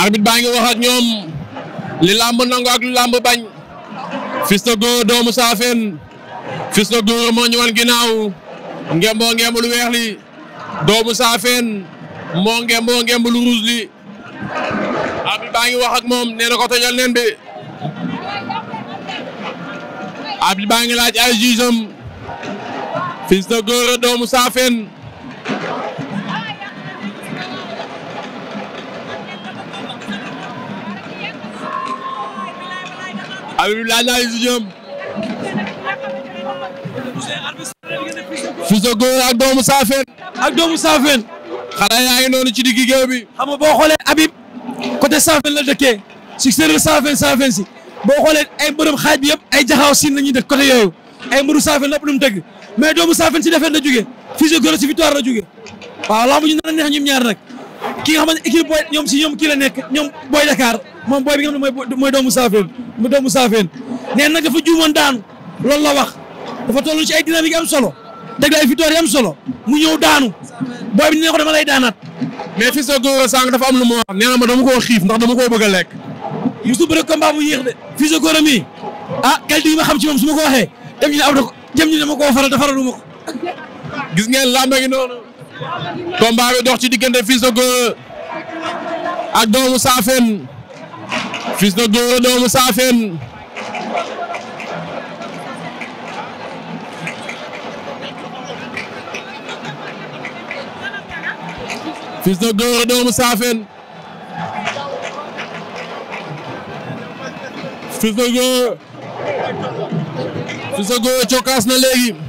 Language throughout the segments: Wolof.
arbitre baa ngi wax ak ñoom li làmb nangu ak li làmb bañ Fils de Gora doomu Saafeen Fils de Gora moo ñëwoon ginnaaw ngemboo ngemb lu weex doomu Saafeen moo ngemb lu ruus li baa ngi wax ak moom nee na ko tojal baa ngi laaj ay jugeem Fils de doomu Saafeen abi laaj naa Youssou Diop Fils de Góor ak doomu Saafeen ak doomu Saafeen xale yaa ngi noonu ci diggi géew bi xam nga boo xoolee Habib côté Saafeen la dëkkee si sërër Saafeen Saafeen si boo xoolee ay mbërëm xaaj bi yëpp ay jaxaaw siin la ñuy dëkk côté yooyu ay mbëru Saafeen lépp lu mu dëgg mais doomu Saafeen si defeen la jógee Fils de Góor si victoire la jógee waaw lamb ñu nar a neex ñoom ñaar nag ki nga xamante équipe booy ñoom si ñoom kii la moom booy bi nga xam ne mooy mooy doomu saafeen mu doomu saafeen nee nag dafa juumoon daanu loolu la wax dafa toll ci ay dynamique am solo dëgg la ay victoire am solo mu ñëw daanu booy bi na ko dama lay daanaat. mais fii sa góor sànq dafa am lu mu wax nee na ma dama koo xiif ndax dama koo bëgg a lekk. Youssou bëre combat bu yéex de fii mi ah qualité yi ma xam ci moom su ma ko waxee dem ñu ne am na ko jëm ñu ne ma koo faral te faralu ma combat bi dox ci diggante Fils de Gora ak doomu Saafeen Fils de doomu Saafeen Fils de doomu Saafeen Fils de Gora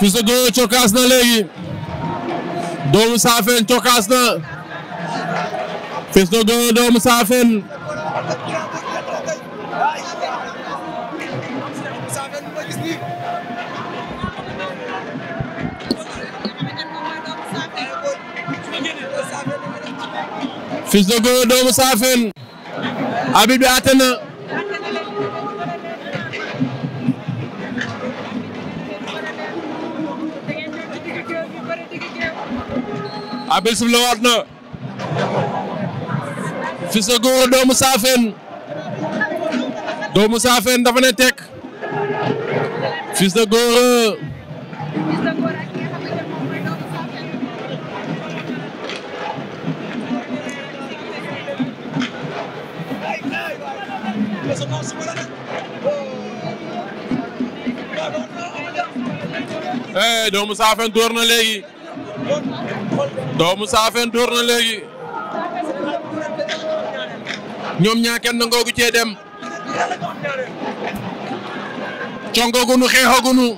Fils de Gora cokaas na léegi doomu saafeen cokaas na Fils de Gora doomu saafeen Fils de Gora doomu saafeen abi bi àtte na abel sif la waat na Fils de Gora doomu saafeen doomu saafeen dafa ne tek Fils de Gora eh doomu saafeen door na léegi doomu Saafeen door na léegi ñoom ñaa kenn nangoogu cee dem congogunu xeexagunu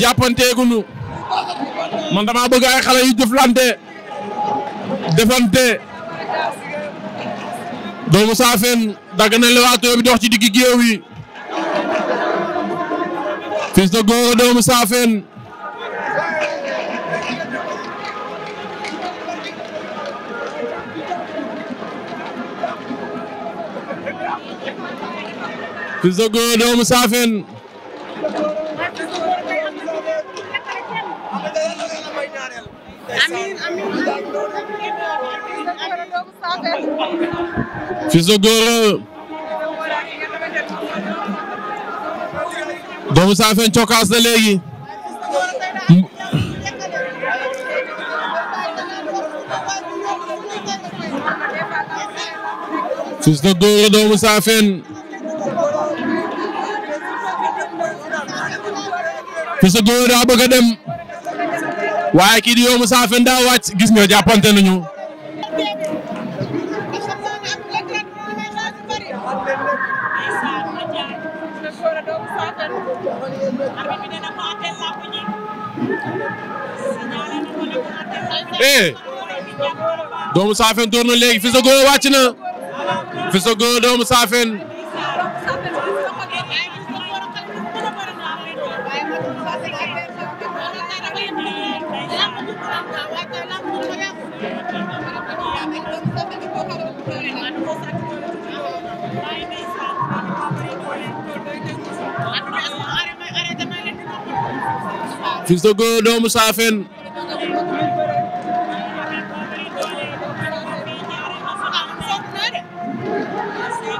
jàppanteegunu man dama bëgg ay xale yu defante doomu Saafeen dagg na bi dox ci digg géew yi fils de Gora doomu Saafeen Fils de Gora doomu Saafeen Fils de Gora doomu Saafeen cokaas na léegi Fils de Gora doomu Saafeen Fils de Gora daa bëgg dem waaye kii di yoomu Saafeen daa wàcc gis nga jàppante nañu eh doomu Saafeen door na léegi Fils de Gora na Fisogo doomu Saafeen Fisogo doomu Saafeen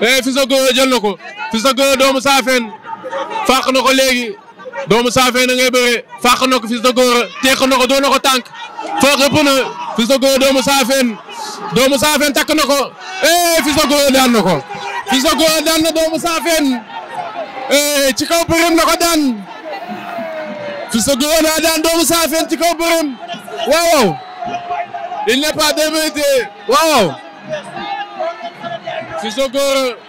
eh Fils de Gora jël ko doomu saafeen fàq na ko doomu saafeen a ngay bëree fàq na ko Fils de Gora teq na ko doon na ko tànk foofu doomu saafeen doomu saafeen takk na ko eh Fils de daan na ko. Fils de Gora daan na doomu saafeen eh ci kaw përëm daan Fils daan doomu saafeen ci kaw përëm waaw waaw il n'est pas démérité waaw. Cissokho